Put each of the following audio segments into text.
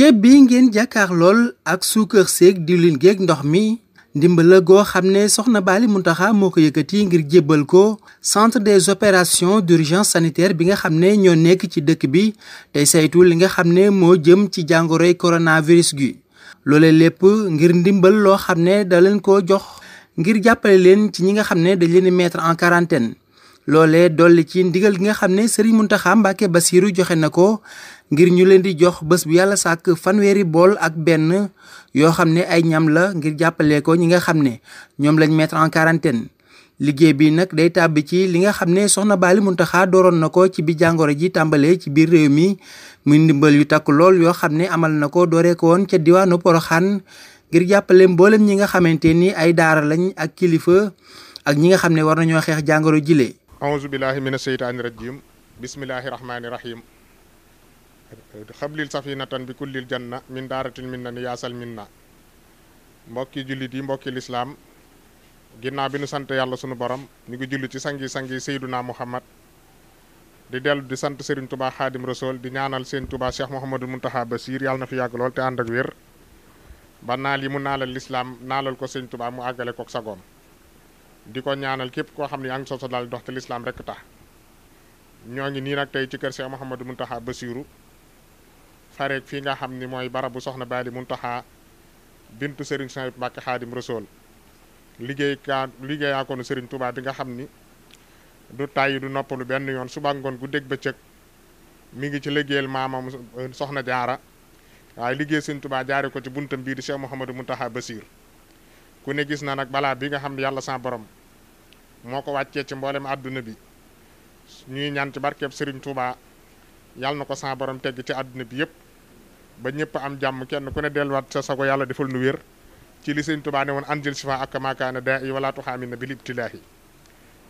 ceeb bi ngeen jàkkaar lool ak suukar seek diwlin géeg ndox mi ndimbal goo xam ne soxna Baali Muntaxa moo ko yëkkati ngir jébbal ko centre des opérations d'urgence sanitaire bi nga xam ne ñoo nekk ci dëkk bi tey saytu li nga xam ne moo jëm ci jàngoroy coronavirus gi loole lépp ngir ndimbal loo xam ne da leen ko jox ngir jàppale leen ci ñi nga xam ne dañ leen mettre en quarantaine loole dolli ci ndigal gi nga xam ne Sëriñ Muntaxa Mbàkke Basiiru joxe na ko ngir ñu leen di jox bés bu yàlla sàkk fanweeri bool ak benn yoo xam ne ay ñam la ngir jàppale ko ñi nga xam ne ñoom lañ mettre en quarantaine liggéey bi nag day tàbbi ci li nga xam ne soxna Baali Muntaxa dooroon na ko ci bi jàngoro ji tàmbalee ci biir réew mi muy ndimbal yu takk lool yoo xam ne amal na ko dooree ko woon ca diwaanu Poroxaan ngir jàppale mboolem ñi nga xamante ni ay daara lañu ak kilifa ak ñi nga xam ne war nañoo xeex jàngoro jile. auzu billaahi mina sheytaani rajiim xablil safinatan bi kullil janna min daaratin min na ni yaasal min mbokki jullit yi mbokki lislaam ginnaaw bi nu sant yàlla sunu borom ñu ngi julli ci sangi sangi sayduna muhammad di dellu di sant Serigne Touba xaadim rasool di ñaanal seen Touba Cheikh Mouhamadou Mountakha Bassir yàlla na fi yàgg lool te ànd ak wér ba naal yi mu naalal lislaam naalal ko sëñ tubaa mu àggale kook sagoom di ko ñaanal képp koo xam ne yaa ngi soso daal dox te lislaam ñoo ngi nii nag tey ci kër Cheikh Mouhamadou Mountakha Bassirou xareet fii nga xam ni mooy barabu soxna Baali Muntaxa bintu Serigne Souhaïbou Mbacké Xaadim Rasuul liggéey kaa liggéeyaa ko nu Serigne Touba bi nga xam ni du tàyyi du noppalu benn yoon suba ngoon gu ba bëccëg mi ngi ci liggéeyal maamam euh, soxna jaara waaye liggéey Serigne Touba jaare ko ci buntam bii di Cheikh Mouhamadou Muntaxa Basiir ku ne gis na nag balaa bi nga xam ne yàlla sa borom moo ko wàccee ci mboolem àdduna bi ñuy ñaan ci barkeeb Serigne Touba yàlla na ko sa ci àdduna bi yëpp. ba ñëpp am jàmm kenn ku ne delluwaat sa sago yàlla defal nu wér ci li sëñ Tuubaa woon anjil si fa ak maakaana daa i wala tuxaami na bil ibtilaahi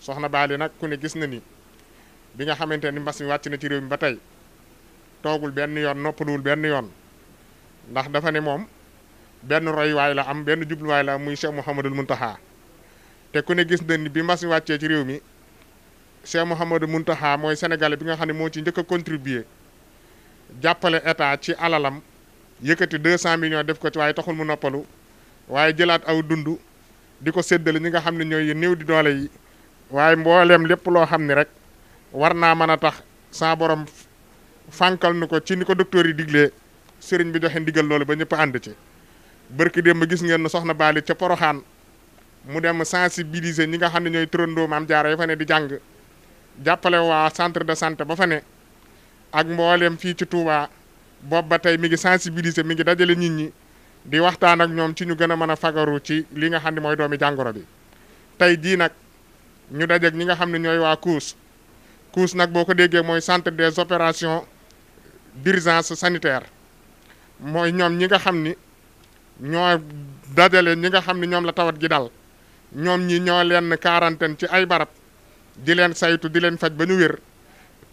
soxna Baali nag ku ne gis na ni bi nga xamante ni mbas mi wàcc na ci réew mi ba tey toogul benn yoon noppaluwul benn yoon ndax dafa ne moom benn royuwaay la am benn jubluwaay la am muy Cheikh Mouhamadul Muntaha te ku ne gis na bi mbas wàccee ci réew mi Cheikh Mouhamadul Muntaha mooy sénégalais bi nga xam ne moo ci njëkk a jàppale état ci alalam yëkkati deux cent millions def ko ci waaye taxul mu noppalu waaye jëlaat aw dund di ko séddale ñi nga xam ne ñooy néew di doole yi waaye mbooleem lépp loo xam ne rek war naa mën a tax saa borom fànkal nu ko ci ni ko docteur yi diglee sëriñ bi joxe ndigal loolu ba ñëpp ànd ci bërki ma gis ngeen na soxna Baali ca Poroxaan mu dem sensibiliser ñi nga xam ne ñooy turandoo maam jaara ya fa ne di jàng jàppale waa centre de sant ba fa ak mboolem fii ci Touba boobu ba tey mi ngi sensibiliser mi ngi dajale nit ñi di waxtaan ak ñoom ci ñu gën a mën a fagaru ci li nga xam ne mooy doomi jàngoro bi tey jii nag ñu dajeeg ñi nga xam ne ñooy waa COUS COUS nag boo ko déggee mooy centre des opérations d'urgence sanitaire mooy ñoom ñi nga xam ni ñoo dajale ñi nga xam ni ñoom la tawat gi dal ñoom ñii ñoo leen quarantaine ci ay barab di leen saytu di leen faj ba ñu wér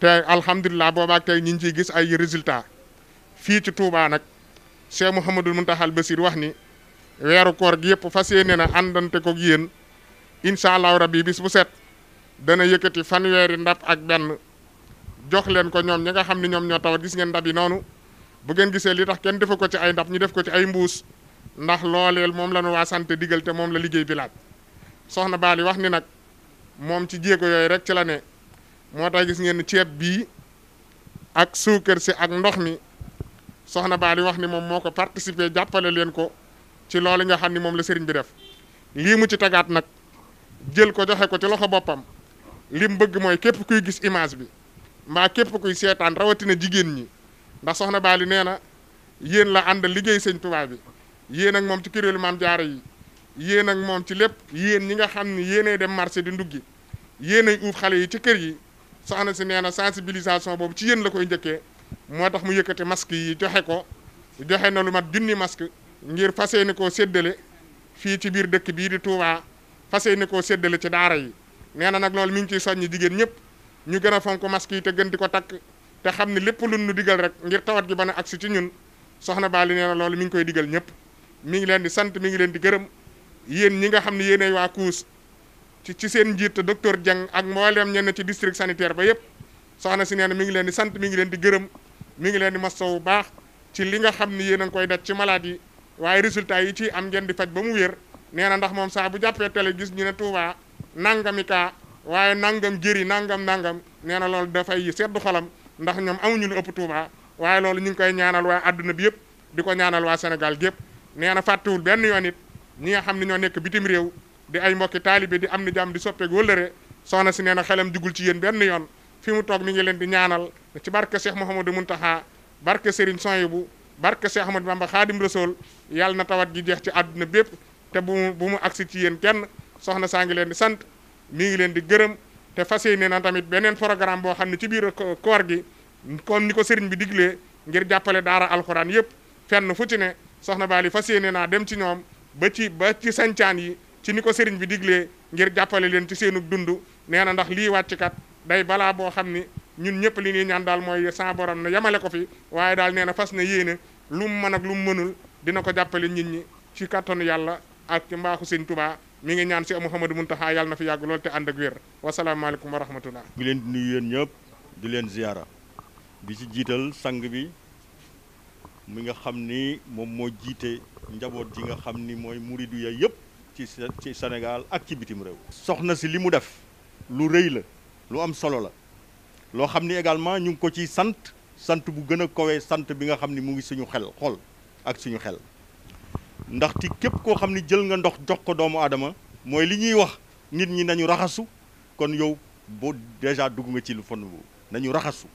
te alhamdulilah boobaak tey ñu ngi ciy gis ay résultat fii ci Touba nag Cheikh Mouhamadul Muntaxal Basir wax ni weeru koor gi yëpp fas yéene na àndante ko yéen incha allahu rabbi bis bu set dana yëkkati fanweeri ndab ak benn jox leen ko ñoom ñi nga xam ne ñoom ñoo tawat gis ngeen ndab yi noonu bu ngeen gisee li tax kenn defu ko ci ay ndab ñu def ko ci ay mbuus ndax looleel moom la nu waa santé digal te moom la liggéey bi laaj soxna Baali wax ni nag moom ci jéego rek ci la ne. moo tax gis ngeen ceeb bii ak suukar si ak ndox mi soxna Ba li wax ni moom moo ko participer jàppale leen ko ci loolu nga xam ni moom la sëriñ bi def lii mu ci tagaat nag jël ko joxe ko ci loxo boppam lim bëgg mooy képp kuy gis image bi mbaa képp kuy seetaan rawatina jigéen ñi ndax soxna Ba li nee na yéen la ànd liggéey sëñ Tuubaa bi yéen moom ci kuréelu maam jaara yi yéen ak moom ci lépp yéen ñi nga xam ni yéenay dem marché di nduggi yéenay uuf xale yi ci kër yi. soxna si nee na sensibilisation boobu ci yéen la koy njëkkee moo tax mu yëkkati masque yi joxe ko joxe na lu mat junni masque ngir fas yéene koo séddale fii ci biir dëkk bii di Touba fas yéene koo séddale ci daara yi nee na nag loolu mi ngi ciy soññi jigéen ñëpp ñu gën a fonk masque yi te gën di ko takk te xam ne lépp lu nu digal rek ngir tawat gi ban a agsi ci ñun soxna Bali nee na loolu mi ngi koy digal ñëpp mi ngi leen di sant mi ngi leen di gërëm yéen ñi nga xam ni yéenay waa Kuus ci ci seen njiit docteur Dieng ak mboolem ñenn ci district sanitaire ba yëpp soxna si nee na mi ngi leen di sant mi ngi leen di gërëm mi ngi leen di bu baax ci li nga xam ni yéen a koy daj ci malade yi waaye résultat yi ci am ngeen di faj ba mu wér nee na ndax moom saa bu jàppee télé gis ñu ne Touba nangami kaa waaye nangam yi nangam nangam nee na loolu dafay seddu xolam ndax ñoom amuñu lu ëpp Touba waaye loolu ñu ngi koy ñaanal waa àdduna bi yëpp di ñaanal waa Sénégal gépp nee na fàttewul benn yoon it xam ne ñoo nekk bitim réew di ay mbokki taalibe di am na jàmm di soppeeg re soxna si nee na xelam jugul ci yéen benn yoon fi mu toog mi ngi leen di ñaanal ci barke Cheikh Mouhamadou Mountakha barke Serigne Souhaïbou barke Cheikh Ahmadou Bamba Khadim Rasoul yàlla na tawat gi jeex ci àdduna bépp te bu mu bu mu agsi ci yéen kenn soxna saa ngi leen di sant mi ngi leen di gërëm te fas yéene na tamit beneen programme boo xam ne ci biir koor gi comme ni ko sëriñ bi diglee ngir jàppale daara alxuraan yëpp fenn fu ci ne soxna Bali fas yéene naa dem ci ñoom ba ci ba ci sancaan yi ci ni ko sëriñ bi diglee ngir jàppale leen ci seenu dund nee na ndax lii wàcc kat day balaa boo xam ni ñun ñëpp li ñuy ñaan daal mooy sa borom na yemale ko fi waaye daal nee na fas na yéene lu mu mën ak lu mu mënul dina ko jàppale nit ñi ci kattanu yàlla ak ci mbaaxu sëñ Tuubaa mi ngi ñaan si mun Mountakha yàlla na fi yàgg lool te ànd ak wér wasalaamaaleykum wa rahmatullah ngi leen di nuyu yéen ñëpp di leen ziyaara di si jiital sang bi mi nga xam ni moom moo jiite njaboot ji nga xam ni mooy muridu ya yëpp ci ci Sénégal ak ci bitim réew. soxna si li mu def lu rëy la lu am solo la loo xam ni également ñu ngi ko ciy sant sant bu gën a kowee sant bi nga xam ni mu ngi suñu xel xol ak suñu xel ndaxte képp koo xam ni jël nga ndox jox ko doomu aadama mooy li ñuy wax nit ñi nañu raxasu kon yow boo déjà dugg nga ci lu fond boobu nañu raxasu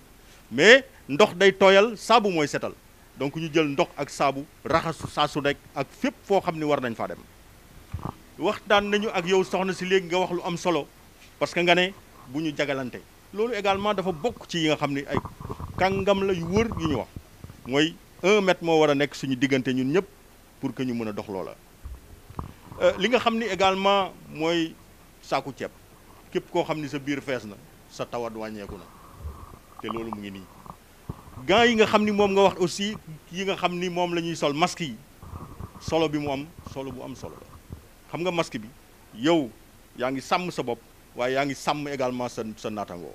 mais ndox day tooyal saabu mooy setal donc ñu jël ndox ak saabu raxasu saa su nekk ak fépp foo xam ni war nañ faa dem waxtaan nañu ak yow soxna si léegi nga wax lu am solo parce que nga ne bu ñu jagalante loolu également dafa bokk ci yi nga xam ne ay kàngam la yu wër yu ñu wax mooy un mètre moo war a nekk suñu diggante ñun ñëpp pour que ñu mën a dox loola. Euh, li nga xam ni également mooy saaku ceeb képp koo xam ni sa biir fees na sa tawat wàññeeku na te loolu mu ngi nii gants yi nga xam ni moom nga wax aussi yi nga xam ni moom la ñuy sol masque yi solo bi mu am solo bu am solo la. xam nga masque bi yow yaa ngi sàmm sa bopp waaye yaa ngi sàmm également sa sa naatangoo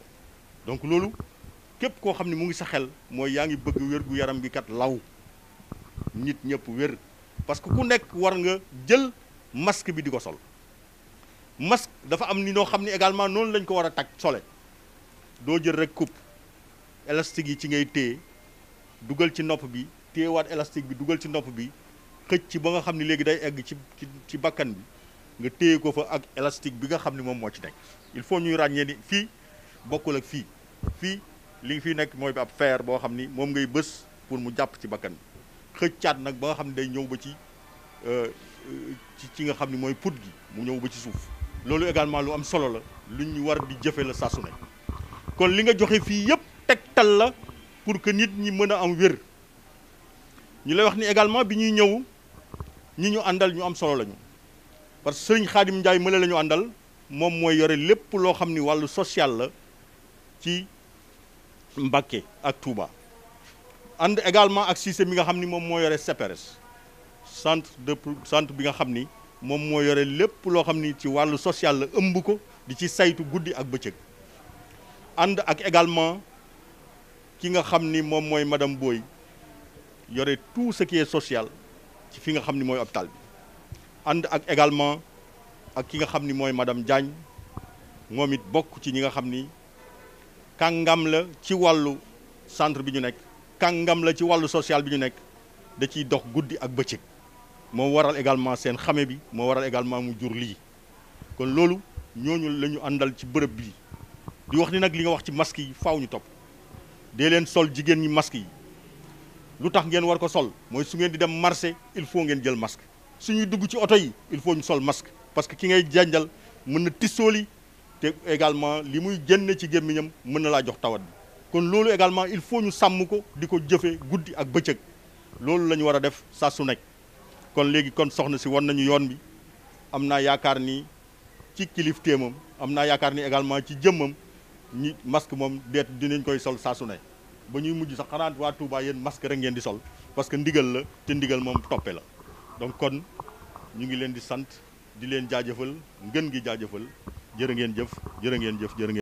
donc loolu képp koo xam ne mu ngi sa xel mooy yaa ngi bëgg wér gu yaram bi kat law nit ñëpp wér parce que ku nekk war nga jël masque bi di ko sol masque dafa am ni noo xam ne également noonu lañ ko war a takk sole doo jël rek coupe élastique yi ci ngay téye dugal ci nopp bi téyewaat élastique bi dugal ci nopp bi xëcc ba xam ne léegi day egg ci ci bakkan bi nga téye ko fa ak élastique bi nga xam ne moom moo ci nekk il faut ñuy ràññee ni fii bokkul ak fii fii li nga nekk mooy ab fer boo xam ni moom ngay bës pour mu jàpp ci bakkan xëccaat nag ba nga xam ne day ñëw ba ci euh, ci ci nga xam ne mooy put gi mu ñëw ba ci suuf loolu également lu am solo la lu ñu war di jëfe la sasu ne kon li nga joxe fii yëpp tal la pour que nit ñi mën a am wér ñu lay wax ni également bi ñuy ñëw ñi ñu àndal ñu am solo lañu parce que sëriñ Xaadim Njaay mële la ñu àndal moom mooy yore lépp loo xam ni wàllu social la ci Mbacké ak Touba ànd également ak Cissé mi nga xam ni moom moo yore CPRS centre de centre bi nga xam ni moom moo yore lépp loo xam ni ci wàllu social la ëmb ko di ci saytu guddi ak bëccëg ànd ak également ki nga xam ni moom mooy madam Boye yore tout ce qui social ci fi nga xam ni mooy hôpital bi ànd ak également ak ki nga xam ni mooy madame Diagne moom it bokk ci ñi nga xam ni kàngam la ci wàllu centre bi ñu nekk kàngam la ci wàllu social bi ñu nekk da ciy dox guddi ak bëccëg moo waral également seen xame bi moo waral également mu jur lii kon loolu ñooñu la ñu àndal ci bërëb bii di wax ni nag li nga wax ci masque yi faw ñu topp dee leen sol jigéen ñi masque yi lu tax ngeen war ko sol mooy su ngeen di dem marché il faut ngeen jël su suñuy dugg ci oto yi il faut ñu sol masque parce que ki ngay jànjal mën na tissooli te également li muy jën ci gémmiñam mën na laa jox tawat bi kon loolu également il faut ñu sàmm ko di ko jëfe guddi ak bëccëg loolu la ñu war a def saa su kon léegi kon soxna si won nañu yoon bi am naa yaakaar ni ci kilif téemam am naa yaakaar ni également ci jëmmam ñi masque moom deet dinañ koy sol saa su ba ñuy mujj sax xanaa waa Touba yéen masque rek ngeen di sol parce que ndigal la te ndigal moom toppe la donc kon ñu ngi leen di sant di leen jaajëfal ngën gi jaajëfal jërë ngeen jëf jërë ngeen jëf jërë ngeen